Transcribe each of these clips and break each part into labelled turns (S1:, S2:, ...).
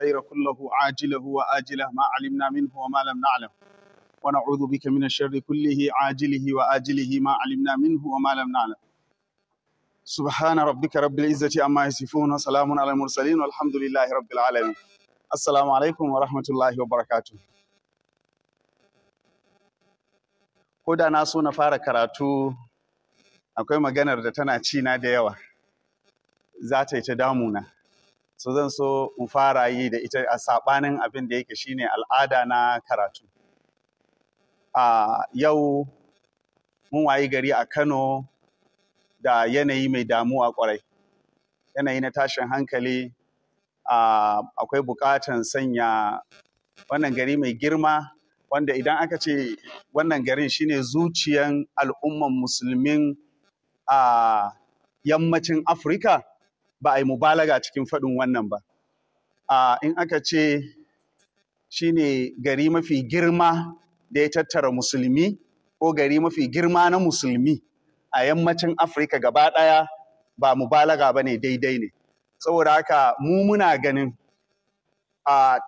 S1: الخير كله عاجله وآجله ما علمنا منه وما لم نعلم ونعوذ بك من الشر كله عاجله وآجله ما علمنا منه وما لم نعلم سبحان ربك رب العزة أما يصفون وسلام على المرسلين والحمد لله رب العالمين السلام عليكم ورحمة الله وبركاته Koda na so na fara karatu akwai maganar da tana ci na da yawa za ta yi ta damuna. so zan so in fara yi da ita a saɓanin abin da yake shine al'ada na karatu a yau mun wayi gari a kano da yanayi mai damuwa kwarai yanayi na tashin hankali akwai buƙatan sanya wannan gari mai girma wanda idan aka ce wannan garin shine zuciyan al'umman musulmin a yammacin afirka ba a yi mubalaga cikin faɗin wannan ba. In aka ce shi ne gari mafi girma da ya tattara musulmi ko gari mafi girma na musulmi a yammacin Afirka gaba ɗaya ba mubalaga ba ne daidai ne. Saboda haka mu muna ganin a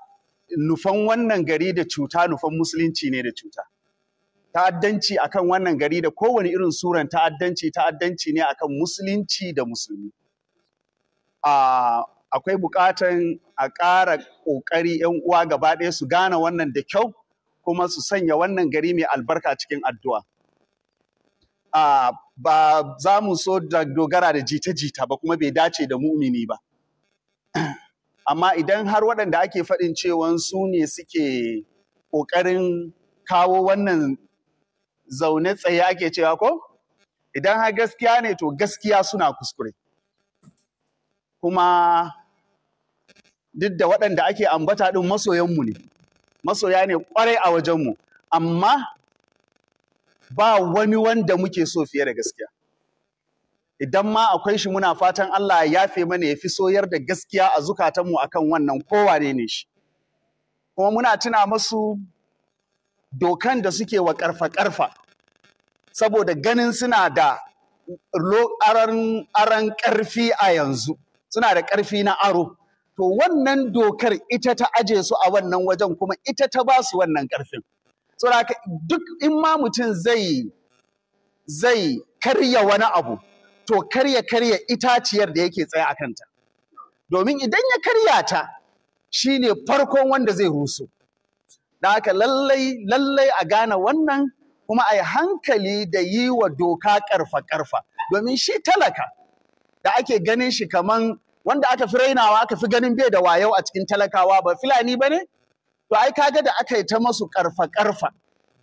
S1: nufan wannan gari da cuta nufan musulunci ne da cuta. Ta'addanci akan wannan gari da kowane irin suran ta'addanci ta'addanci ne akan musulunci da musulmi. akwai buƙatan a ƙara ƙoƙari 'yan uwa gaba ɗaya su gane wannan da kyau kuma su sanya wannan gari mai albarka cikin addu'a. Ba za mu so da dogara da jita-jita ba kuma bai dace da mumini ba. Amma idan har waɗanda ake faɗin cewa su ne suke ƙoƙarin kawo wannan zaune tsaye ake cewa ko? Idan har gaskiya ne to gaskiya suna kuskure. kuma duk da waɗanda ake ambata ɗin masoyanmu ne masoya ne ƙwarai a wajenmu amma ba wani wanda muke so fiye da gaskiya idan ma akwai shi muna fatan Allah ya yafe mana ya fi soyar da gaskiya a zukatanmu akan wannan kowane ne shi kuma muna tuna masu dokan da suke wa ƙarfa-ƙarfa saboda ganin suna da aran ƙarfi a yanzu suna da ƙarfi na aro to wannan dokar ita ta aje su a wannan wajen kuma ita ta ba su wannan ƙarfin saboda duk in ma mutum zai zai karya wani abu to karya karya itaciyar da yake tsaye a kanta domin idan ya karya ta shi ne farkon wanda zai rusu da haka lallai lallai a gane wannan kuma a yi hankali da yi wa doka ƙarfa ƙarfa domin shi talaka da ake ganin shi kaman wanda aka fi rainawa aka fi ganin bai da wayau a cikin talakawa ba filani ba ne? To ai kaga da aka yi ta masu karfa-karfa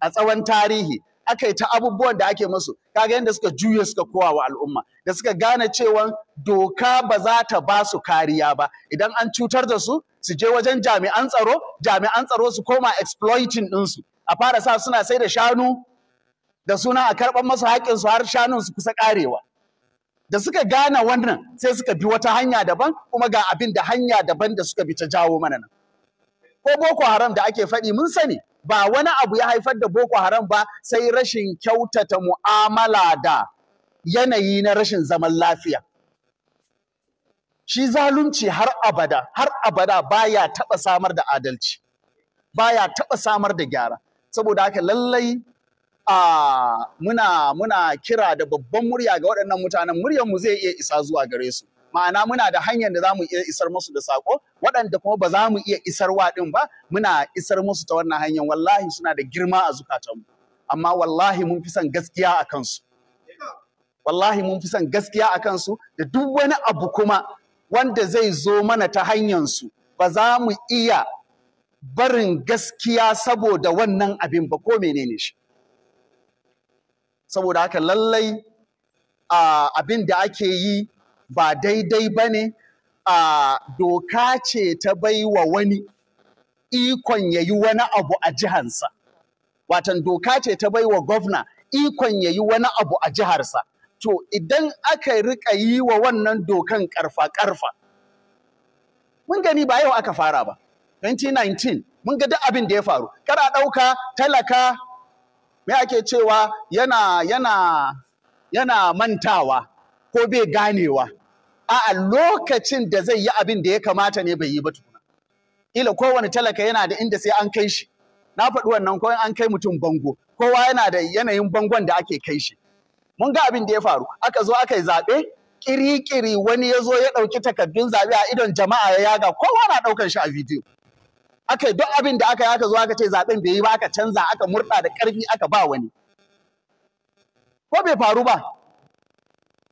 S1: a tsawon tarihi aka yi ta abubuwan da ake masu kaga yadda suka juya suka kowa wa al'umma da suka gane cewa doka ba za ta ba su kariya ba idan an cutar da su su je wajen jami'an tsaro jami'an tsaro su koma exploiting ɗinsu a fara sa suna sai da shanu da suna a karɓar masu haƙƙinsu har shanun su kusa ƙarewa da suka gane wannan sai suka bi wata hanya daban kuma ga abin da hanya daban da suka bi ta jawo mana nan ko boko haram da ake faɗi mun sani ba wani abu ya haifar da boko haram ba sai rashin kyautata mu'amala da yanayi na rashin zaman lafiya shi zalunci har abada har abada baya taɓa samar da adalci baya taɓa samar da gyara saboda haka lallai muna muna kira da babban murya ga waɗannan mutanen muryar mu zai iya isa zuwa gare su ma'ana muna da hanyar da zamu iya isar musu da sako waɗanda kuma ba za mu iya isar waɗin ba muna isar musu ta wannan hanyar wallahi suna da girma a mu amma wallahi mun fi son gaskiya a kansu wallahi mun fi son gaskiya a kansu da duk wani abu kuma wanda zai zo mana ta hanyarsu ba za mu iya barin gaskiya saboda wannan abin ba ko menene shi saboda haka lallai abin da ake yi ba daidai ba ne doka ce ta baiwa wani ikon ya yi wani abu a jihansa watan doka ce ta baiwa gwamna ikon ya yi wani abu a jiharsa to idan aka rika yi wa wannan dokan karfa-karfa mun gani ba yau aka fara ba 2019 mun ga duk abin da ya faru kar a ɗauka talaka me ake cewa yana yana yana mantawa ko bai ganewa a'a lokacin da zai yi abin da ya kamata ne bai yi ba tukuna ila kowane talaka yana da inda sai an kai shi na faɗi wannan ko an kai mutum bango kowa yana da yanayin bangon da ake kai shi mun ga abin da ya faru aka zo aka yi zaɓe kirikiri wani ya zo ya ɗauki takardun zaɓe a idon jama'a ya yaga kowa na ɗaukan shi a bidiyo aka duk abin da aka yi aka zo aka ce zaben bai yi ba aka canza aka murɗa da ƙarfi aka ba wani ko bai faru ba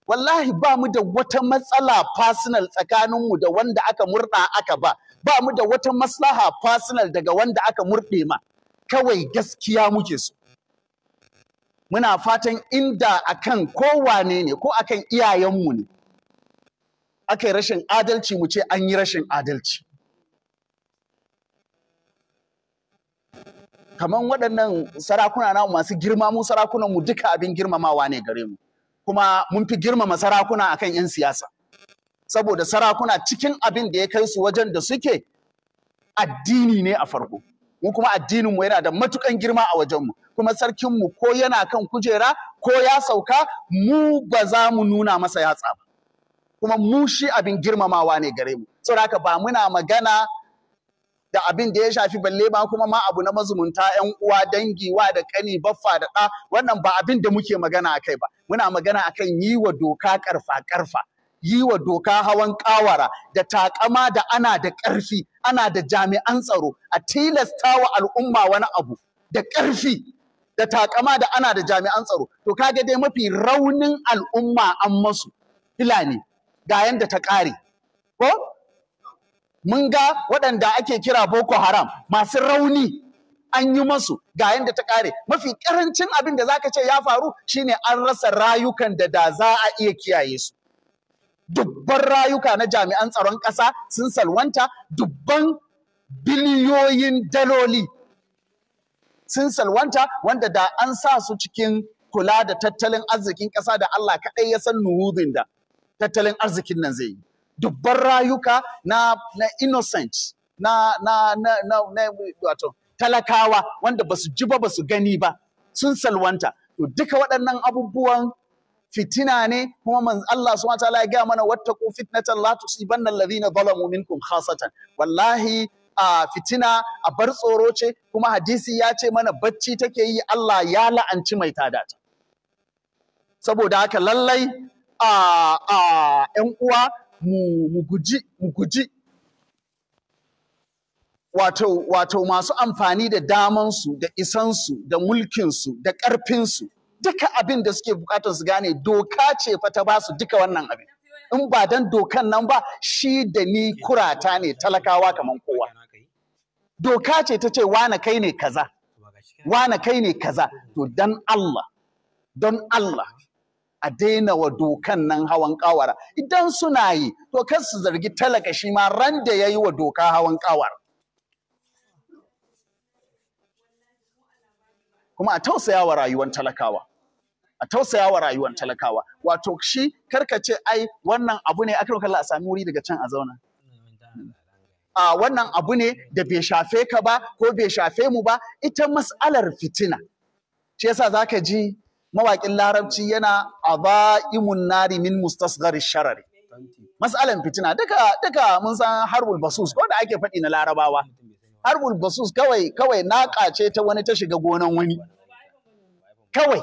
S1: wallahi ba mu da wata matsala personal mu da wanda aka murɗa aka ba ba mu da wata maslaha personal daga wanda aka murde ma kawai gaskiya muke so muna fatan inda akan kowane ne ko akan iyayenmu ne Akai rashin adalci mu ce an yi rashin adalci kamar waɗannan sarakuna namu masu girma mu sarakunan mu duka abin girmamawa ne gare mu kuma mun fi girmama sarakuna akan 'yan siyasa saboda sarakuna cikin abin da ya kai su wajen da suke addini ne a farko mu kuma addinin mu yana da matukan girma a wajen mu kuma sarkin mu ko yana kan kujera ko ya sauka mu ba za mu nuna masa yatsa ba kuma mu shi abin girmamawa ne gare mu saboda haka ba muna magana da abin da ya shafi balle ba kuma ma abu na mazumunta yan uwa dangi wa da kani baffa da ɗa wannan ba abin da muke magana akai ba muna magana akan yi wa doka karfa karfa yi wa doka hawan kawara da takama da ana da ƙarfi ana da jami'an tsaro a tilasta wa al'umma wani abu da ƙarfi da takama da ana da jami'an tsaro to kaga dai mafi raunin al'umma an masu filani ga yanda ta ƙare ko mun ga waɗanda ake kira boko haram masu rauni an yi masu ga yadda ta ƙare. mafi ƙarancin abin da zaka ce ya faru shine an rasa rayukan da da za a iya kiyaye su dubban rayuka na jami'an tsaron ƙasa sun salwanta dubban biliyoyin daloli sun salwanta wanda da an sa su cikin kula da tattalin arzikin ƙasa da Allah kaɗai ya san nuhudin da tattalin arzikin nan zai yi dubban rayuka na na innocent na na na na wato talakawa wanda ba su ji ba su gani ba sun salwanta to duka waɗannan abubuwan fitina ne kuma man Allah subhanahu wataala ya gaya mana ku fitnatan la tusibanna alladhina zalamu minkum khasatan wallahi a fitina a bar tsoro ce kuma hadisi ya ce mana bacci take yi Allah ya la'anci mai tada ta saboda haka lallai a uwa mu guji mu guji wato masu amfani da daman su, da isansu da mulkin su, da su, duka abin da suke bukatar su gane doka ce fa ta basu duka wannan abin in ba dan dokan nan ba shi da ni kurata ne talakawa kaman kowa doka ce ta ce wane kai ne kaza wane kai ne kaza to dan Allah don Allah a daina wa dokan nan hawan kawara idan suna yi to kar su zargi talaka shi ma ran da ya yi wa doka hawan kawar kuma a tausaya wa rayuwar talakawa a tausaya wa rayuwar talakawa wato shi karkace ce ai wannan abu ne akai kallon a sami wuri daga can a zauna a wannan abu ne da bai shafe ka ba ko bai shafe mu ba ita mas'alar fitina shi yasa zaka ji mawaƙin larabci yana a aba'imun nari min mustasghar sharari mas'alan fitina duka duka mun san harbul basus ko da ake faɗi na larabawa harbul basus kawai kawai naƙa ce ta wani ta shiga gonan wani kawai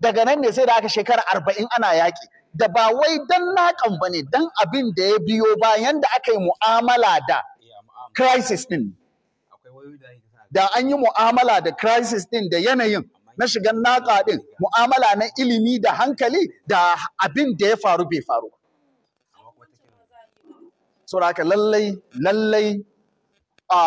S1: daga nan ne sai da aka shekara arba'in ana yaƙi da ba wai dan naƙan ba ne dan abin da ya biyo bayan da aka yi mu'amala da crisis din da an yi mu'amala da crisis din da yanayin na shigan naƙa ɗin mu'amala na ilimi da hankali da abin da ya faru bai faru ka lallai lallai a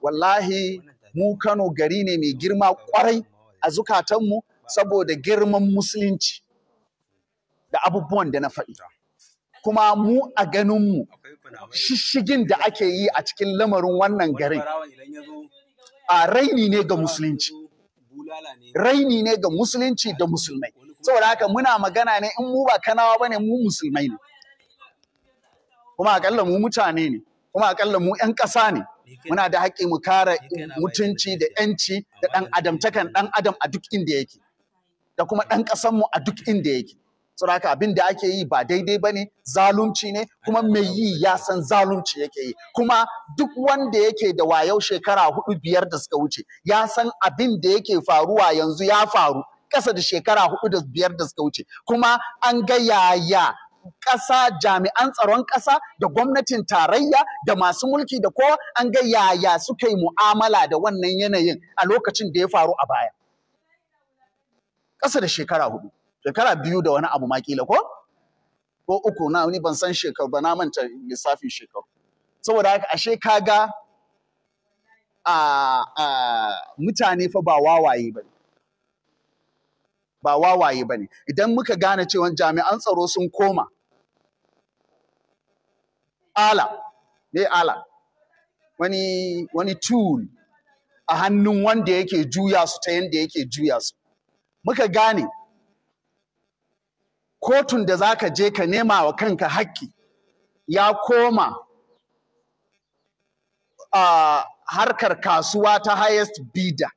S1: wallahi mu Kano gari ne mai girma ƙwarai a zukatanmu saboda girman musulunci da abubuwan da na faɗi kuma mu a ganinmu shishigin da ake yi a cikin lamarin wannan garin a raini ne ga musulunci raini ne ga musulunci da musulmai saboda haka muna magana ne in mu ba kanawa ba ne mu musulmai ne kuma akalla mu mutane ne kuma akalla mu 'yan ƙasa ne muna da haƙƙi mu kare mutunci da 'yanci da ɗan adam ɗan adam a duk inda yake da kuma ɗan ƙasanmu a duk inda yake saboda abin da ake yi ba daidai ba ne zalunci ne kuma mai yi ya san zalunci yake yi kuma duk wanda yake da wayau shekara hudu biyar da suka wuce ya san abin da yake faruwa yanzu ya faru kasa da shekara hudu da biyar da suka wuce kuma an ga yaya ƙasa jami'an tsaron ƙasa da gwamnatin tarayya da masu mulki da kowa an ga yaya suka yi mu'amala da wannan yanayin a lokacin da ya faru a baya ƙasa da shekara hudu shekara biyu da wani abu makila ko ko uku na ni ban san shekaru ba na manta lissafin shekaru saboda haka ashe ka a mutane fa ba wawaye ba ba wawaye ba ne idan muka gane cewa jami'an tsaro sun koma ala ne ala wani wani tool a hannun wanda yake juya su ta yanda yake juya su muka gane kotun da za ka je ka nema wa kanka haƙƙi ya koma a harkar kasuwa ta highest bidder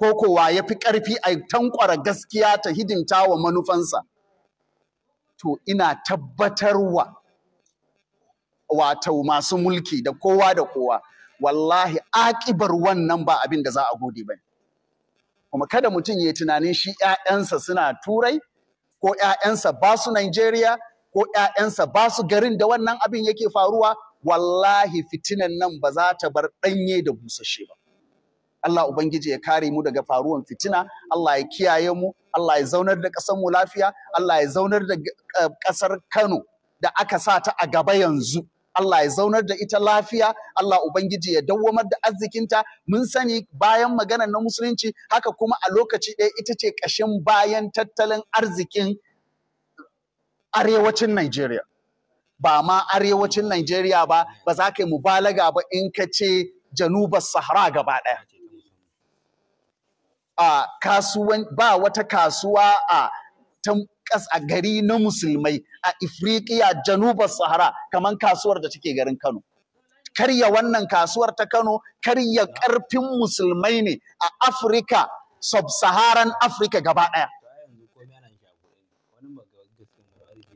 S1: ko kowa ya fi ƙarfi a tankwara gaskiya ta hidimta wa manufansa to ina tabbatarwa wato masu mulki da kowa da kowa wallahi aƙibar wannan ba abin da za a gode ba kuma kada mutum ya yi tunanin shi 'ya'yansa suna turai ko ‘ya'yansa ba su Nigeria ko ‘ya'yansa ba su garin da wannan abin yake faruwa wallahi fitinan nan ba za ta bar ɗanye da busashe ba. Allah Ubangiji ya kare mu daga faruwan fitina, Allah ya kiyaye mu, Allah ya zaunar da mu lafiya, Allah ya zaunar da eh, ƙasar Kano da aka sa ta a gaba yanzu. Allah ya zaunar da ita lafiya Allah ubangiji ya dawwamar da arzikinta mun sani bayan maganar na musulunci haka kuma a lokaci ɗaya ita ce ƙashin bayan tattalin arzikin arewacin Najeriya ba ma arewacin Najeriya ba ba za ka yi mubalaga ba in ka ce janubar Sahara gaba ɗaya ba wata kasuwa a Damascus a gari na musulmai a Ifriqiya janubar Sahara kaman kasuwar da take garin Kano. Karya wannan kasuwar ta Kano karya karfin musulmai ne a Afirka sub-Saharan Afirka gaba ɗaya.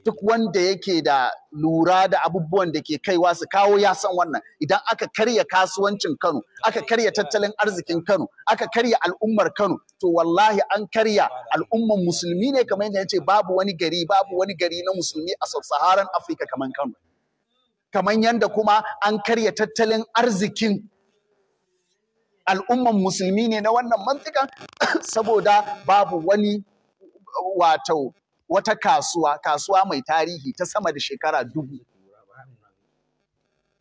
S1: duk wanda yake da lura da abubuwan da ke kaiwa su kawo ya san wannan idan aka karya kasuwancin Kano aka karya tattalin arzikin Kano aka karya al'ummar Kano to wallahi an karya al'ummar musulmi ne kamar yadda yace babu wani gari babu wani gari na musulmi a sub-saharan Africa kamar Kano kamar yadda kuma an karya tattalin arzikin al'ummar musulmi ne na wannan mantikan saboda babu wani wato wata kasuwa kasuwa mai tarihi ta sama da shekara dubu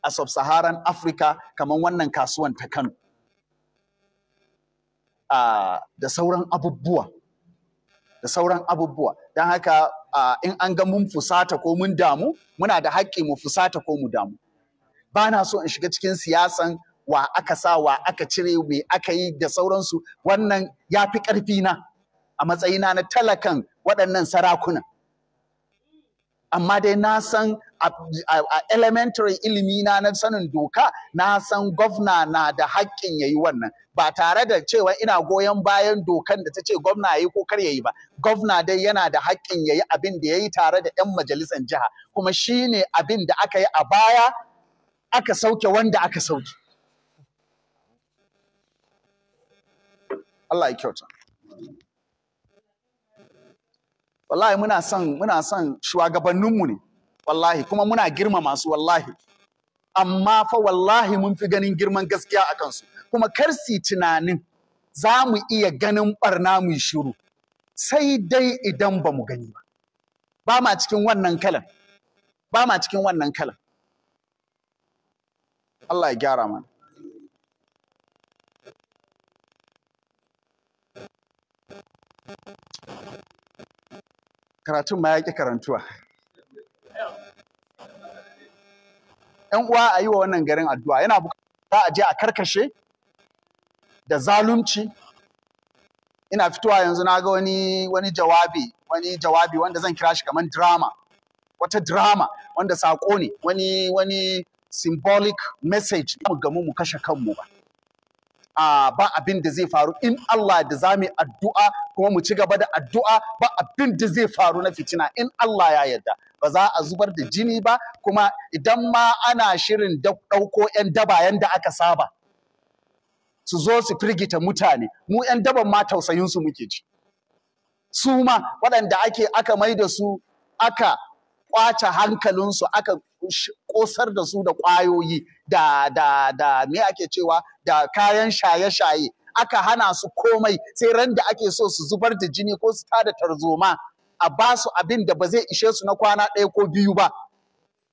S1: a sub-saharan kamar wannan kasuwan ta Kano da sauran abubuwa da sauran abubuwa don haka in an ga mun fusata ko mun damu muna da haƙƙi mu fusata ko mu damu ba na so in shiga cikin siyasan wa aka sa wa aka cire me aka yi da sauransu wannan ya fi ƙarfi na a matsayina na talakan waɗannan sarakuna Amma dai na san a elementary ilimi na na sanin doka na san gwamna na da haƙƙin ya yi wannan ba tare da cewa ina goyon bayan dokan da ta ce gwamna ya yi ko kar ya yi ba gwamna dai yana da haƙƙin ya yi abin da ya yi tare da 'yan majalisar jiha kuma shi ne abin da aka yi a baya aka sauke wanda aka sauke Allah ya kyauta wallahi muna son muna son shugabanninmu ne wallahi kuma muna girma masu wallahi amma fa wallahi mun fi ganin girman gaskiya a kansu kuma kar tunanin za mu iya ganin barna mu shiru sai dai idan ba mu gani ba ba ma cikin wannan kalan ba ma cikin wannan kalan Allah ya gyara mana karatun ma ya ƙi karantuwa ‘yan uwa a yi wa wannan garin addu'a yana bukata a je a karkashe da zalunci ina fitowa yanzu na ga wani wani jawabi wani jawabi wanda zan kira shi kamar drama wata drama wanda saƙo ne wani wani symbolic message mu gamu mu kashe kanmu ba a ah, ba abin da zai faru in Allah da za mu addu'a kuma mu ci gaba da addu'a ba abin da zai faru na fitina in Allah ya yarda ba za a zubar da jini ba kuma idan ma ana shirin ɗauko 'yan daba yanda aka saba su zo su firgita mutane mu 'yan daban ma tausayinsu muke ji su ma waɗanda ake aka mai da su aka kwace hankalinsu aka kosar da su da kwayoyi da da da me ake cewa da kayan shaye-shaye aka hana su komai sai ran da ake so su zubar da jini ko su tada tarzoma a ba su abin da ba zai ishe su na kwana ɗaya ko biyu ba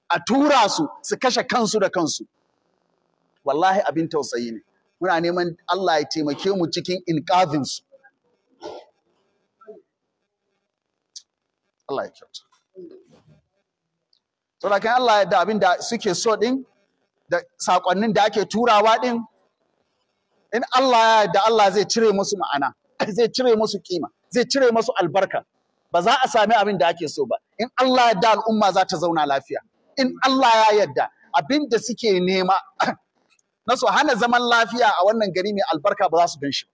S1: a tura su su kashe kansu da kansu wallahi abin tausayi ne muna neman Allah ya taimake mu cikin inqazin su Allah ya kyauta kan Allah ya da abin da suke so din da sakonnin da ake turawa din in Allah ya da Allah zai cire musu ma'ana zai cire musu kima zai cire musu albarka ba za a sami abin da ake so ba in Allah ya da al'umma za ta zauna lafiya in Allah ya yadda abin da suke nema na su hana zaman lafiya a wannan gari mai albarka ba za su gan shi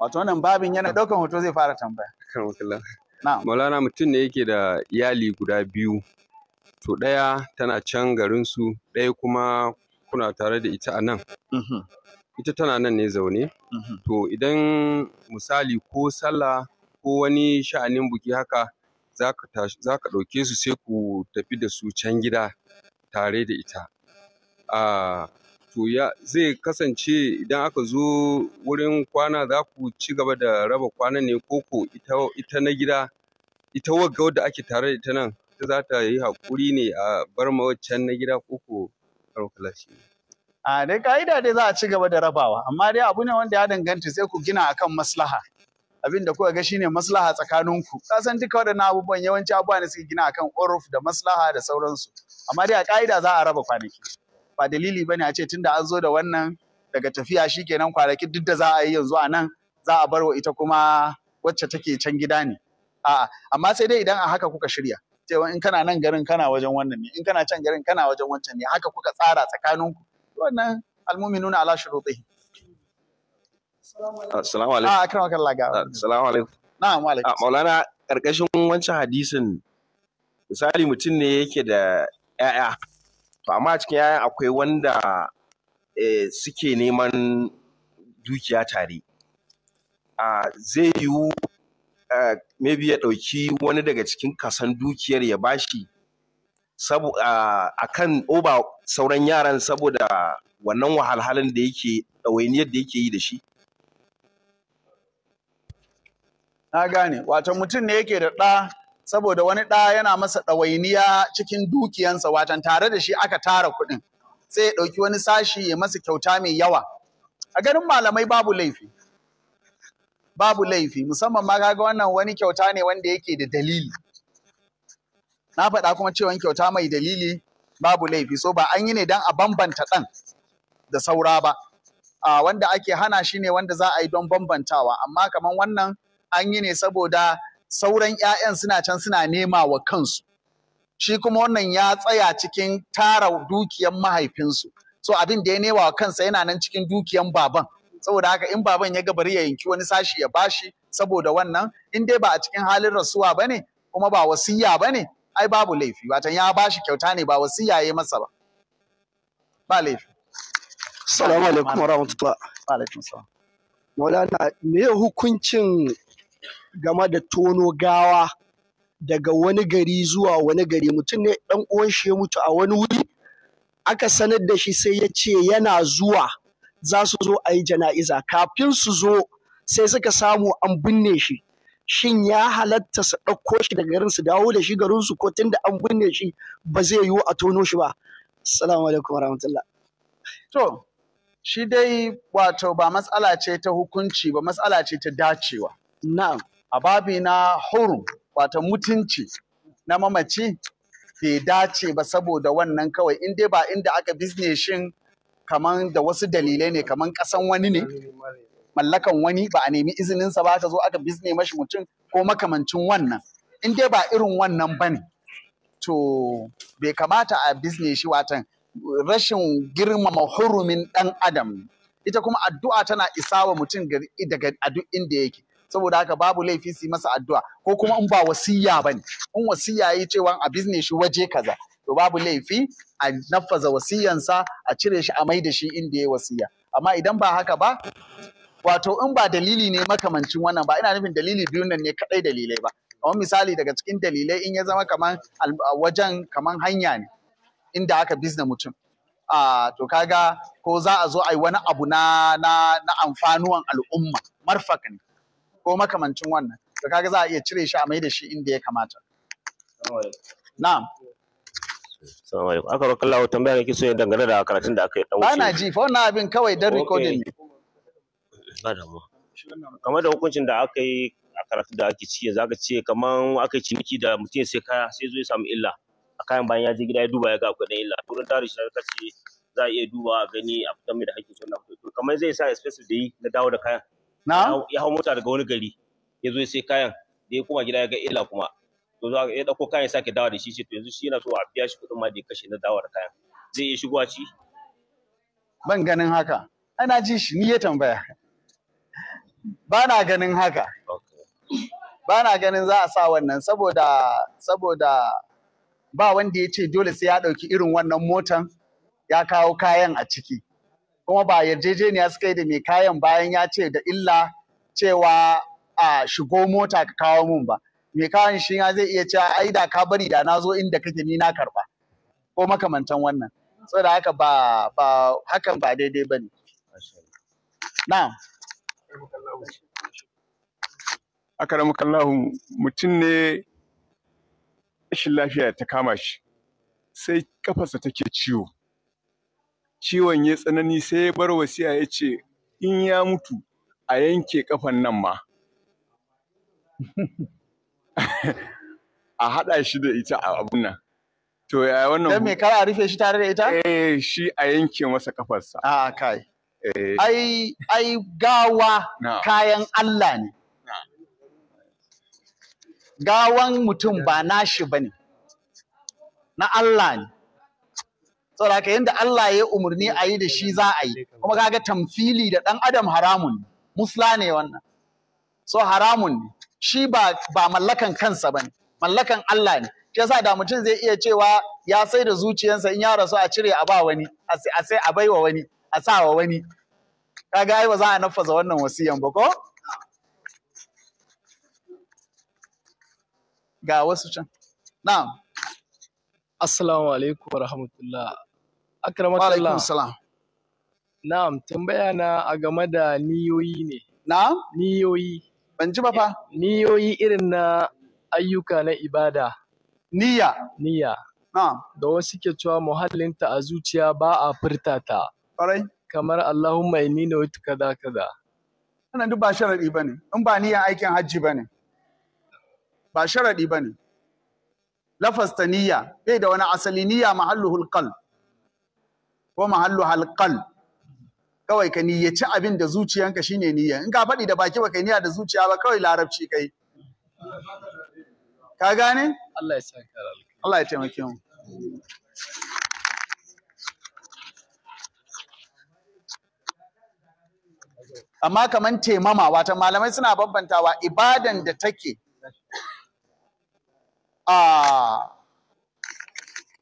S1: wato wannan babin yana daukan hoto zai fara tambaya
S2: maulana mutum ne yake da iyali guda biyu to ɗaya tana can garinsu ɗaya kuma kuna tare da ita a nan mhm. ita tana nan ne zaune mm-hmm. to idan misali ko sallah ko wani sha'anin buki haka za ka ɗauke su sai ku tafi da su can gida tare da ita to ya zai kasance idan aka zo wurin kwana za ku ci gaba da raba kwana ne ko ko ita, na gida ita wagga wadda ake tare da ita nan ta za ta yi hakuri ne a bar ma waccan na gida ko ko
S1: a dai ka'ida dai za a ci gaba da rabawa amma dai abu ne wanda ya danganta sai ku gina akan maslaha abin da kuka ga shine maslaha tsakaninku ka san duka waɗannan abubuwan yawanci abubuwa ne suke gina akan uruf da maslaha da sauransu amma dai a ka'ida za a raba kwanaki ba dalili bane a ce tunda an zo da wannan daga tafiya shikenan kwanaki duk da za a yi yanzu a nan za a bar wa ita kuma wacce take can gida ne a'a amma sai dai idan a haka kuka shirya cewa in kana nan garin kana wajen wannan ne in kana can garin kana wajen wancan ne haka kuka tsara tsakaninku wannan almu'minuna ala shurutihi
S2: assalamu alaikum a ah, akramaka Allah ga assalamu alaikum na'am wa alaikum ah, maulana karkashin wancan hadisin misali mutum ne yake da ƴaƴa to amma cikin ƴaƴan akwai wanda eh, suke neman dukiya tare ah, zai yiwu eh, maybe ya ɗauki wani daga cikin kasan dukiyar ya bashi a kan oba sauran yaran saboda wannan wahalhalin da yake ɗawainiyar da yake yi da shi
S1: na gane wato mutum ne yake da ɗa saboda wani ɗa yana masa ɗawainiya cikin dukiyansa watan tare da shi aka tara kuɗin sai ya ɗauki wani sashi ya masa kyauta mai yawa a ganin malamai babu laifi babu laifi musamman ma kaga wannan wani kyauta ne wanda yake da dalili na faɗa kuma cewa kyauta mai dalili babu laifi so ba an yi ne don a bambanta ɗan da saura ba a wanda ake hana shi ne wanda za a yi don bambantawa amma kamar wannan an yi ne saboda sauran 'ya'yan suna can suna nema wa kansu shi kuma wannan ya tsaya cikin tara dukiyan mahaifinsu so abin da ya nema wa kansa yana nan cikin dukiyan baban saboda haka in baban ya bari ya yanki wani sashi ya bashi saboda wannan in dai ba a cikin halin rasuwa ba ne kuma ba wasiya ne. ai babu laifi watan ya bashi kyauta ne ba wasiya yayi masa ba ba laifi
S2: assalamu alaikum wa alaikum salam maulana me
S1: hukuncin game da tono gawa daga wani gari zuwa wani gari mutum ne dan uwan shi ya mutu a wani wuri aka sanar da shi sai ya ce yana zuwa za su zo a yi jana'iza kafin su zo sai suka samu an binne shi shin ya halatta su ɗauko shi daga garin su dawo da shi garin su ko tunda an binne shi ba zai yiwu a tono shi ba assalamu alaikum warahmatullah to shi dai wato ba matsala ce ta hukunci ba matsala ce ta dacewa na'am a babi na huru wato mutunci na mamaci bai dace ba saboda wannan kawai in dai ba inda aka bizne shin kaman da wasu dalilai ne kaman kasan wani ne mallakan wani ba a nemi izininsa ba ta zo aka bizne mashi mutum ko makamancin wannan in dai ba irin wannan ba ne to bai kamata a bizne shi watan rashin girmama hurumin ɗan adam ita kuma addu'a tana isa wa mutum daga duk inda yake saboda haka babu laifi su masa addu'a ko kuma in ba wasiya ba ne in wasiya yi cewa a bizne shi waje kaza to babu laifi a nafaza wasiyansa a cire shi a mai da shi inda ya wasiya amma idan ba haka ba wato in ba dalili ne makamancin wannan ba ina nufin dalili biyun nan ne kadai dalilai ba kamar misali daga cikin dalilai in ya zama kaman wajen kaman hanya ne inda aka bizna mutum a to kaga ko za a zo a yi wani abu na na na amfanuwan al'umma marfaka ne ko makamancin wannan to kaga za a iya cire shi a mai da shi inda ya kamata
S2: na'am Assalamu alaikum. Aka rokallahu tambaya ne kiso ya dangane da karatun da aka yi dan wuce. Ba na
S1: ji fa wannan abin kawai dan recording ne.
S2: ba damuwa kamar da hukuncin da aka yi a karatu da ake ci yanzu aka ce kamar aka yi ciniki da mutum sai kaya sai zo ya samu illa a kayan bayan ya je gida ya duba ya ga akwai illa wurin tare shi ka ce za a iya duba a gani a fitar mai da hakkin shi wannan kamar zai sa expensive da yi na dawo da kayan ya hau mota daga wani gari ya zo ya sai kayan da ya koma gida ya ga illa kuma to za iya ɗauko kayan ya sake dawo da shi ce to yanzu shi yana so a biya shi kuɗin ma da ya kashe na dawo da kayan zai iya shigowa ci
S1: ban ganin haka ana ji shi ni ya tambaya ba na ganin haka ba na ganin za a sa wannan saboda saboda ba wanda ya ce dole sai ya ɗauki irin wannan motan ya kawo kayan a ciki kuma ba yarjejeniya suka yi da mai kayan bayan ya ce da illa cewa a shigo mota ka kawo mun ba mai kayan shi ya zai iya cewa ai da ka bari da na zo inda kake ni na karba ko makamantan wannan saboda haka ba ba hakan ba daidai bane na'am
S2: akaramakallahu mutum ne rashin lafiya ta kama shi sai kafarsa take ciwo ciwon ya tsanani sai ya bar wasiya ya ce in ya mutu a yanke kafan nan ma a haɗa shi da ita
S1: a abun nan to ya wannan dan me kar a rufe shi tare da ita eh shi a yanke masa kafarsa a ah, kai Eh, ai gawa kayan Allah ne gawan mutum ba nashi ba ne, na Allah ne saboda haka Allah ya umarni a yi da shi za a yi kuma kaga tamfili da ɗan adam haramun musla ne wannan so haramun ne shi ba mallakan kansa ba ne. mallakan Allah ne shi yasa da mutum zai iya cewa ya sai da zuciyarsa in ya rasu a cire a ba wani a sai a baiwa wani a sa wa wani kaga ai ba za a nafasa wannan wasiyan ba ko ga wasu can na'am
S2: assalamu alaikum wa rahmatullah akramakallah salam na'am tambaya na a game da niyoyi ne na'am niyoyi
S1: ban ji ba fa niyoyi irin na ayyuka na ibada niyya niyya na'am da wasu ke cewa muhallinta a zuciya ba a furta ta Kwarai. Kamar Allahumma inni na wuce kaza kaza. Wannan duk ba sharaɗi ba ne, in ba niyan aikin hajji ba ne. Ba sharaɗi ba ne. Lafasta niyya, bai da wani asali niyya mahallu hulƙal. Ko mahallu halƙal. Kawai ka niyyaci abin da zuciyanka shine niyya. In ka faɗi da baki ba kai niyya da zuciya ba kawai larabci kai.
S2: Ka gane? Allah ya sa
S1: Allah ya taimake mu. amma kaman taimama wata malamai suna bambantawa ibadan da take a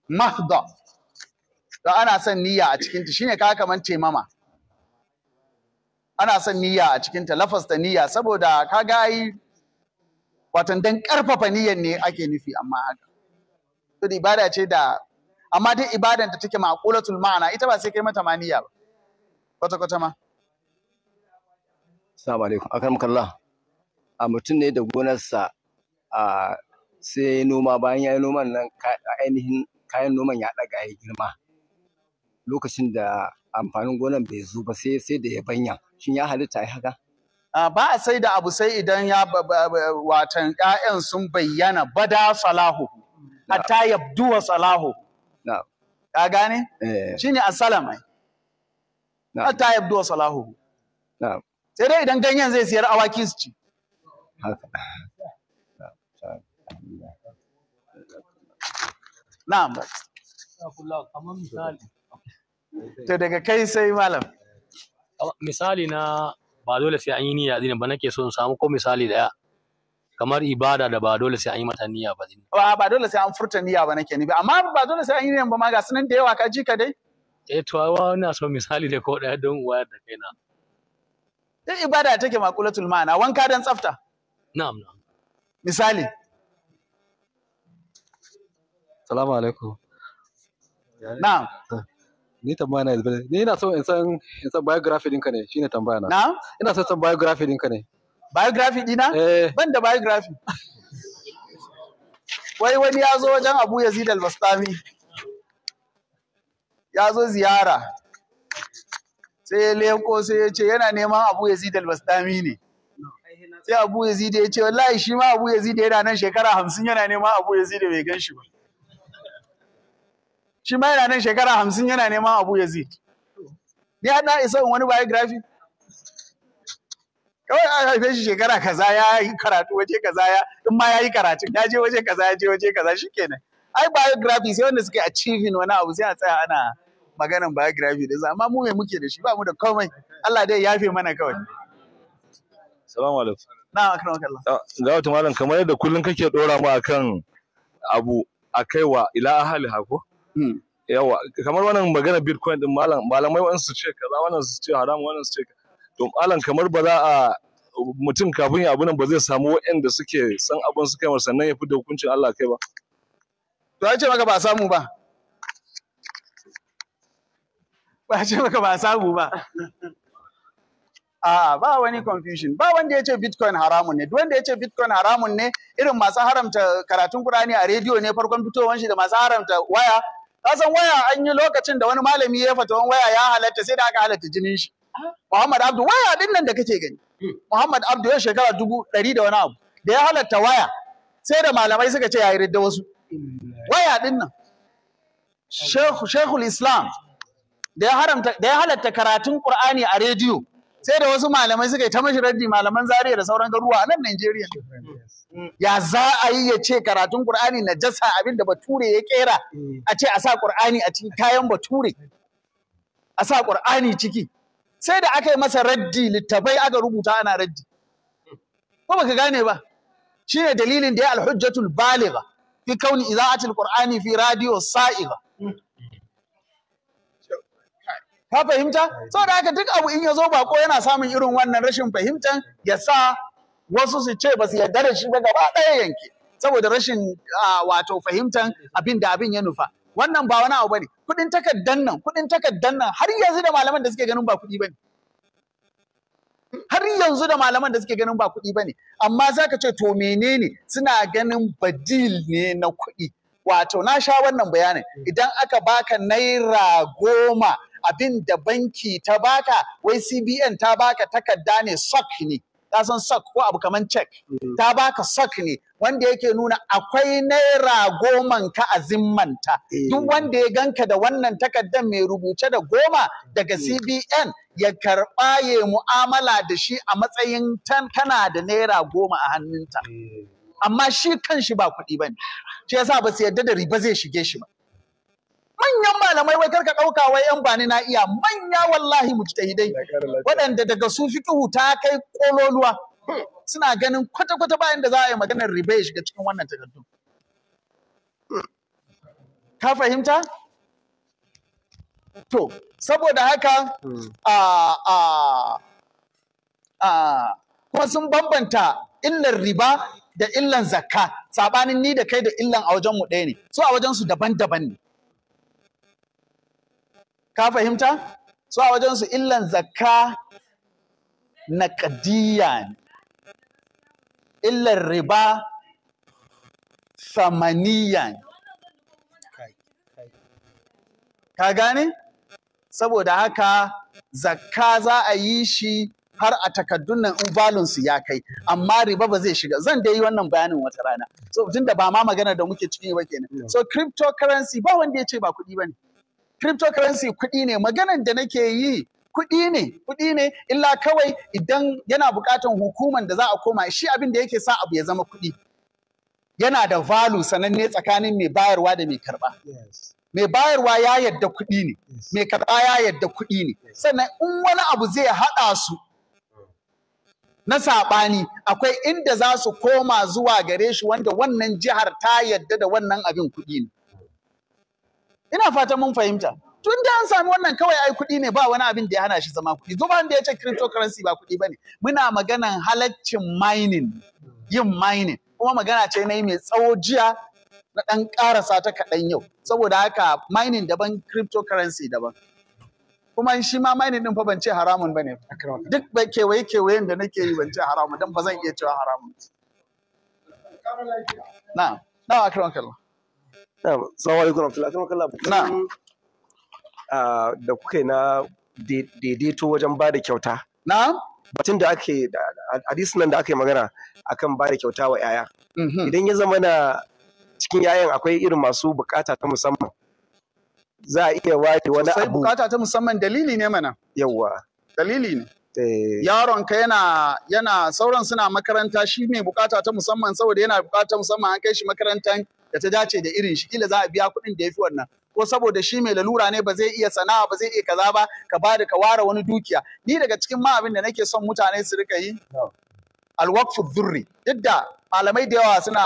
S1: mahda da ana son niyya a cikinta shine kaka kaman taimama ana son niyya a cikinta da niyya saboda ka ga ai watan dan karfafa niyyan ne ake nufi amma haka to ibada ce da amma dai ibadan da take maqulatul ma'ana ita ba sai kai mata maniya ba kwata kwata ma
S2: Assalamu alaikum. Akram kallah. A mutum ne da gonarsa a sai ya noma bayan ya yi noman nan ainihin kayan noman ya ɗaga ya girma. Lokacin da amfanin gonan bai zo ba sai sai da yabanya. Shin ya halitta ai haka? ba a sai da abu
S1: sai idan ya watan ƴaƴan sun bayyana bada salahu hatta yabduwa salahu ka gane eh. shine asalam ai hatta yabduwa salahu na'am sai dai idan ganyen zai siyar awaki su ci
S2: na'am to daga kai sai malam misali na ba dole sai an yi niyya zina ba nake so in samu ko misali daya kamar ibada da ba dole sai an yi mata niyya ba zina. ba ba dole sai an furta
S1: niyya ba nake ni ba amma ba dole sai an yi niyya ba ma ga sunan da yawa ka ji ka dai
S2: eh to ina so misali da ko daya don wayar da na.
S1: duk ibada take maqulatul ma'ana wanka dan tsafta na'am na'am misali
S2: salamu alaikum na'am ni tambaya na ibada ni ina so in san in san biography ɗinka ne shine tambaya na na'am ina so san biography ɗinka ne biography dina eh. ban da biography wai wani ya zo wajen
S1: abu yazid al-bastami ya zo ziyara sai ya leko sai ya ce yana neman abu ya al-bastami ne sai abu ya yazid ya ce wallahi shi ma abu yazid yana nan shekara hamsin yana neman abu ya yazid bai gan shi ba shi ma yana nan shekara hamsin yana neman abu yazid ni na isa wani biography kawai an haife shi shekara kaza ya yi karatu waje kaza ya in ma ya yi karatu ya je waje kaza ya je waje kaza shikenan ai biography sai wanda suke achieving wani abu sai a tsaya ana maganan biography da amma mu me muke da shi ba mu da komai Allah dai yafe mana kawai
S2: Assalamu alaikum na'am Allah ga ah, wata malam kamar yadda kullun kake dora mu akan abu wa ila ahli hako hmm. yawa kamar wannan magana bitcoin din malam malamai wannan su ce kaza wannan su ce haram wannan su ce to malam kamar ba za a mutum kafin ya abu nan ba zai samu waɗanda suke san abun su kai sannan ya fi da hukuncin Allah kai ba to an ce maka ba samu ba ba ce maka
S1: ba samu ba Ah, ba wani confusion ba wanda ya ce bitcoin haramun ne duk wanda ya ce bitcoin haramun ne irin masu haramta karatun kur'ani a rediyo ne farkon fitowar shi da masu haramta waya kasan waya an yi lokacin da wani malami ya fata waya ya halatta sai da aka halatta jinin shi Muhammad Abdu waya din nan da kake gani Muhammad Abdu ya shekara dubu ɗari da wani abu da ya halatta waya sai da malamai suka ce ya yi wasu waya din nan Sheikhul Islam da ya halatta karatun Kur'ani a rediyo sai da wasu malamai suka yi ta mashi raddi malaman Zariya da sauran garuwa a nan Najeriya ya za a yi ya ce karatun Kur'ani na najasa abin da bature ya kera a ce a sa Kur'ani a cikin kayan bature a sa Kur'ani ciki sai da aka yi masa raddi littafai aka rubuta ana raddi ko baka gane ba Shi ne dalilin da ya alhujjatul baliga fi kauni idaatil qur'ani fi radio sa'iga ka fahimta saboda haka duk abu in ya zo bako yana samun irin wannan rashin fahimtan ya sa wasu su ce ba su yarda da shi ba gaba ɗaya yanke saboda rashin wato fahimtan abin da abin ya nufa wannan ba wani abu bane kuɗin takaddan nan kuɗin takardar nan har yanzu da malaman da suke ganin ba kuɗi bane har yanzu da malaman da suke ganin ba kuɗi bane amma ka ce to menene suna ganin badil ne na kuɗi wato na sha wannan bayanin idan aka baka naira goma abin da banki ta baka wai CBN ta baka takarda ne sok ne ta san sok ko abu kaman check mm. ta baka sok ne wanda yake nuna akwai naira goman ka a zimmanta eh. duk wanda ya ganka da wannan takardar mai rubuce da goma daga mm. CBN ya karɓa ya mu'amala da shi a matsayin kana da naira goma a hannunta eh. amma shi kan shi ba kuɗi ba ne shi yasa ba su yarda da riba zai shige shi ba manyan malamai wai karka ɗauka wai yan bani na iya manya wallahi mujtahidai waɗanda daga su fiqhu ta kai kololuwa hmm. suna ganin kwata-kwata bayan da za a yi maganar riba ya shiga cikin wannan takardun hmm. ka fahimta to saboda haka hmm. a a a kuma sun bambanta illar riba da illan zakka sabanin ni da kai da illan a wajenmu ɗaya ne so a su daban-daban ne ka fahimta su a wajensu illan zakka na ne illan riba samaniya ne ka gane saboda haka zakka za a yi shi har a takaddun nan in su ya kai amma riba ba zai shiga zan dai yi wannan bayanin wata rana so tunda ba ma magana da muke cikin ba kenan so cryptocurrency ba wanda ya ce ba kuɗi ne. cryptocurrency kuɗi ne maganan da nake yi kuɗi ne kuɗi ne illa kawai idan yana buƙatar hukuman da za a koma shi abin da yake sa abu ya zama kuɗi yana da value sananne tsakanin mai bayarwa da mai karɓa mai bayarwa ya yadda kuɗi ne mai karɓa ya yadda kuɗi ne sannan in wani abu zai haɗa su na saɓani akwai inda za su koma zuwa gare shi wanda wannan jihar ta yadda da wannan abin kuɗi ne ina fatan mun fahimta tun da an sami wannan kawai ai kuɗi ne ba wani abin da ya hana shi zama kuɗi Zuba wanda ya ce cryptocurrency ba kuɗi bane muna maganan halaccin mining yin mining kuma magana ce na yi mai tsawo jiya na ɗan ƙarasa ta kaɗan yau saboda haka mining daban cryptocurrency daban kuma shi ma mining din fa ban ce haramun bane duk ba kewaye kewayen da nake yi ban ce haramun dan ba zan iya cewa haramun
S2: na na akramkallah alaikum ah, da kuka na daidaito wajen ba da kyauta. Batun da ake hadisi nan da aka yi magana akan ba da kyauta wa 'ya'ya. Mm-hmm. Idan ya zama na cikin 'ya'yan akwai irin masu bukata ta musamman. Za a iya ware wani abu. Sai Bukata ta musamman
S1: dalili ne mana. Yawwa. Dalili ne. Eh. yaronka yana yana sauran suna makaranta shi ne bukata ta musamman saboda yana bukata musamman an kai shi makarantan da ta dace da irin shi kila za a biya kuɗin da ya fi wannan ko saboda shi mai lalura ne ba zai iya sana'a ba zai iya kaza ba ka ba da ka ware wani dukiya ni daga cikin ma abin da nake son mutane su rika yi alwaqfu dhurri duk da malamai da yawa suna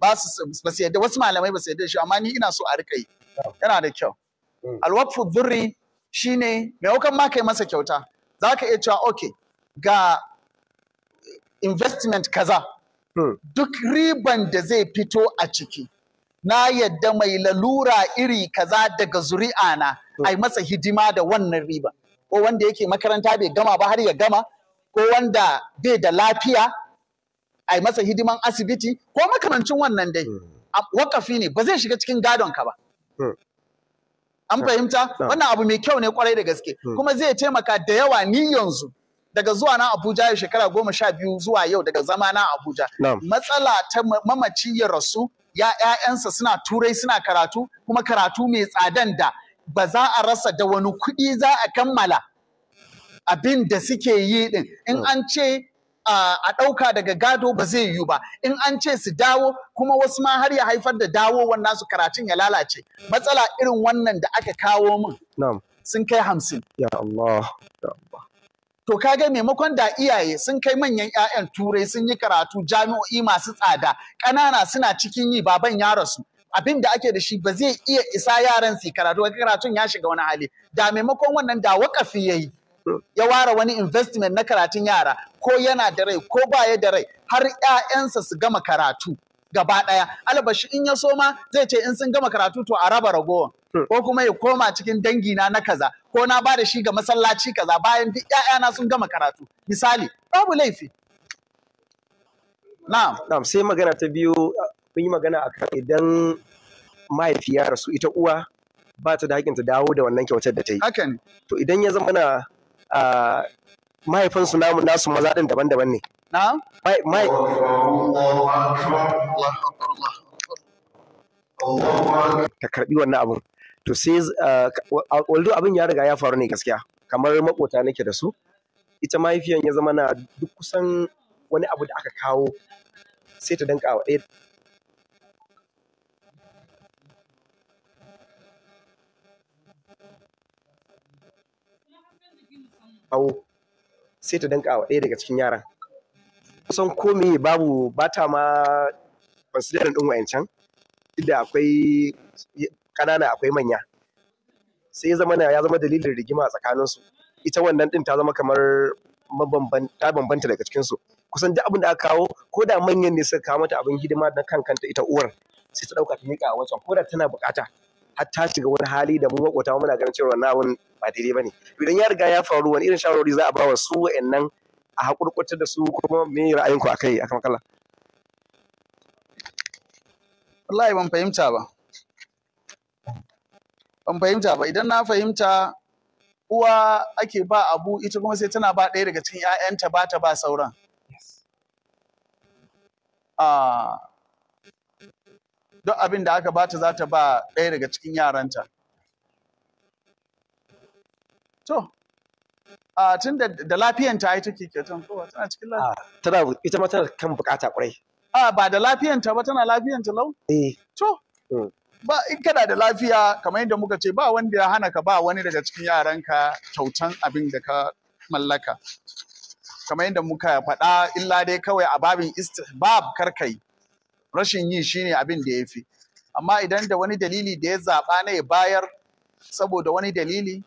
S1: ba su ba su yadda wasu malamai ba su yadda shi amma ni ina so a rika yi yana da kyau hmm. alwaqfu dhurri shine hukan ma kai masa kyauta za ka iya cewa okay ga investment kaza duk riban da zai fito a ciki na yadda mai lalura iri kaza daga zuri'a na hmm. ai masa hidima da wannan riba ko wanda yake makaranta bai gama ba har ya gama ko wanda bai da lafiya ai masa hidiman asibiti ko makamancin wannan dai hmm. wakafi ne ba zai shiga cikin gadon ka ba hmm. an fahimta wannan abu mai kyau ne kwarai da gaske kuma zai taimaka da yawa ni yanzu daga zuwa na Abuja ya shekara goma sha biyu zuwa yau daga zama na Abuja. Matsala ta mamaci ya rasu ya ‘ya'yansa suna turai suna karatu kuma karatu mai tsadan da ba za a rasa da wani kuɗi za a kammala abin da suke yi ɗin. In an ce a ɗauka daga gado ba zai yiwu ba in an ce su dawo kuma wasu ma har ya haifar da wannan nasu karatun ya lalace matsala irin wannan da aka kawo min sun kai hamsin ya Allah to kaga maimakon da iyaye sun kai manyan 'ya'yan turai sun yi karatu jami'o'i masu tsada ƙanana suna cikin yi baban ya rasu abin da ake da shi ba zai iya isa yaran su karatu ga karatun ya shiga wani hali da maimakon wannan da wakafi yayi ya ware wani investment na karatun yara ko yana da rai ko baya da rai har 'ya'yansa su gama karatu gaba ɗaya albashi in ya so ma zai ce in sun gama karatu to a raba ragowar ko kuma ya koma cikin dangi na na kaza ko na ba da shi ga masallaci kaza bayan duk 'ya'yana sun gama karatu misali babu laifi
S2: na'am na'am sai magana ta biyu kun yi magana akan idan mahaifi ya rasu ita uwa ba ta da haƙƙin ta dawo da wannan kyautar da ta yi hakan to idan ya zama na ah, mahaifinsu, namu nasu maza ɗin daban-daban ne na'am mai ka karbi wannan abun to sai waldo eh, abin ya riga ya faru ne gaskiya kamar makota nake da su ita mahaifiyan ya zama na duk kusan wani abu da aka kawo sai ta danka wa ɗaya sai ta danka wa ɗaya daga cikin yaran kusan komai babu ba ta ma consider din wayancan idan akwai kanana akwai manya sai ya zama ya zama dalilin rigima tsakanin su ita wannan din ta zama kamar ta bambanta daga cikin su kusan duk abin da aka kawo ko da manyan ne suka kawo mata abin hidima na kan kanta ita uwar sai ta dauka ta mika a wancan ko da tana bukata har ta shiga wani hali da mu makwata muna ganin cewa wannan abin ba daidai bane idan ya riga ya faru wani irin shawarwari za a ba wa su wa'annan a hakurkurta da su kuma me ra'ayinku a kan kala
S1: wallahi ban fahimta ba ban fahimta ba idan na fahimta uwa ake ba abu ita kuma sai tana ba ɗaya daga cikin 'ya'yanta ba ta ba sauran ah, duk abin da aka bata za ta ba ɗaya daga cikin yaranta to a da lafiyanta ai take kowa tana cikin lafiya tana tana kan bukata kwarai ba da lafiyanta ba tana lafiyanta lau
S2: eh. mm.
S1: ba in kana da lafiya kamar yadda muka ce ba wanda ya hana ka ba wani daga cikin yaranka kyautan abin da ka mallaka kamar yadda muka faɗa illa dai kawai a babin istihbab karkai rashin yi shine abin da ya fi amma idan da wani dalili da ya zaɓa na ya bayar saboda wani dalili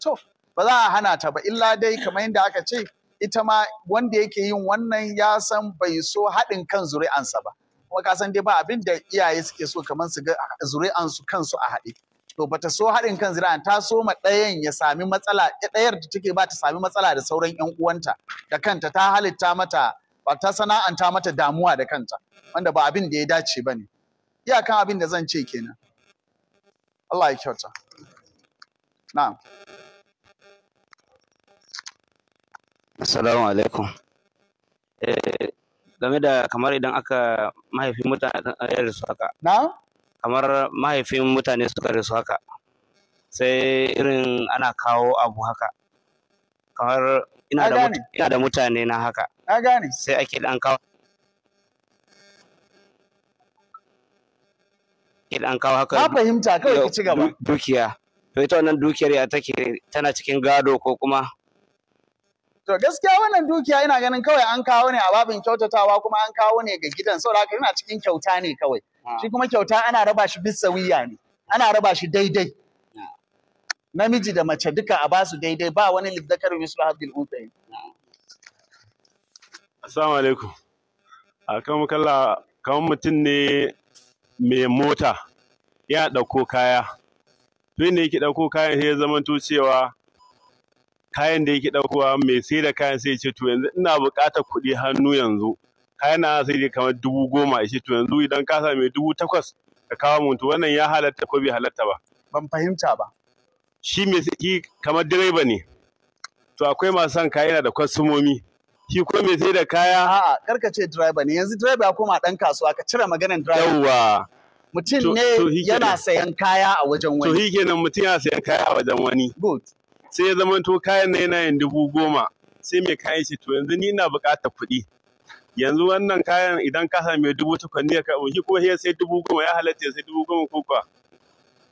S1: to ba za a hana ta ba illa dai kamar yadda aka ce ita ma wanda yake yin wannan ya san bai so haɗin kan zuri'ansa ba kuma ka san dai ba abin da iyaye suke so kamar su ga zuri'ansu kansu a haɗe to bata so haɗin kan zuri'an ta so ma ɗayan ya sami matsala ɗayar da take ba ta sami matsala da sauran ƴan uwanta da kanta ta halitta mata ba ta sana'anta mata damuwa da kanta wanda ba abin da ya dace ba ne iyakan abin da zan ce kenan Allah ya kyauta na'am
S2: Assalamu alaikum. Eh, game da kamar idan aka mahaifin mutane ya rasu haka. Na? Kamar mahaifin mutane suka rasu haka. Sai irin ana kawo abu haka. Kamar ina da ina da mutane na haka. Na gane. Sai ake dan kawo Ake dan kawo haka. Na fahimta kawai ki ci gaba. Dukiya. To ita wannan dukiyar ya take tana cikin gado ko kuma
S1: To gaskiya wannan dukiya ina ganin kawai an kawo ne a babin kyautatawa kuma an kawo ne ga gidan saboda haka yana cikin kyauta ne kawai. Ah. Shi kuma kyauta ana raba shi bisawiya ne. Ana raba shi daidai. Ah. Namiji da mace duka a basu daidai ba wani lizzakar mislu hadil unsayi. Ah.
S2: Assalamu alaikum. A kan kalla kan mutum ne mai mota ya dauko kaya. Tun ne yake dauko kaya sai ya zamanto cewa kayan da yake ɗaukowa mai sai da kayan sai ce to yanzu ina buƙatar kuɗi hannu yanzu kayan na sai dai kamar dubu goma ya ce to yanzu idan ka sa mai dubu takwas ka kawo mutu wannan
S1: ya halatta ko bai halatta ba ban fahimta ba shi mai shi kamar direba ne to akwai masu son kaya yana da kwasumomi shi ko mai sai da kaya a'a karka ce direba ne yanzu direba ya koma ɗan kasuwa ka cire maganar direba yawwa mutum ne yana sayan kaya a wajen wani to shi kenan
S2: mutum yana sayan kaya a wajen wani good sai ya zama to kayan na yana yin dubu goma sai mai kayan shi to yanzu ni na buƙatar kuɗi yanzu wannan kayan idan ka same dubu takwas ne ka ɗauki ko sai sai dubu goma ya halatta sai dubu goma ko kuwa.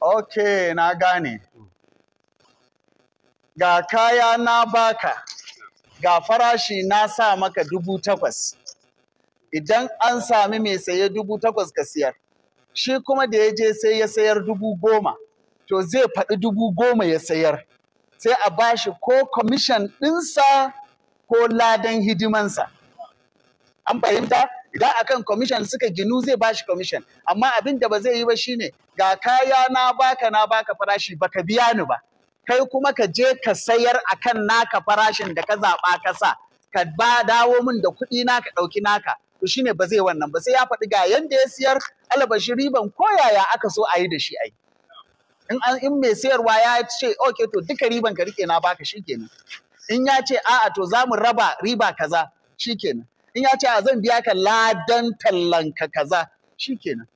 S1: ok na gane ga kaya na baka ga farashi na sa maka dubu takwas idan an sami mai saye dubu takwas ka siyar shi kuma da ya je sai ya sayar dubu goma to zai faɗi dubu goma ya sayar sai a ba shi ko commission ɗinsa ko ladan hidimansa an fahimta idan akan commission suka ginu zai bashi commission amma abin da ba zai yi ba shine ga kaya na baka na baka farashi baka biya ni ba kai kuma ka je ka sayar akan naka farashin da ka zaɓa ka sa ka ba dawo min da kuɗi na ɗauki naka to shine ba zai wannan ba sai ya faɗi ga yanda ya siyar alabashi riban ko yaya aka so a yi da shi aiki. in in mai sayarwa ya ce okay to duka riban ka rike na baka shikenan in ya ce a'a to za mu raba riba kaza shikenan in ya ce a zan biya ka ladan tallan ka kaza shikenan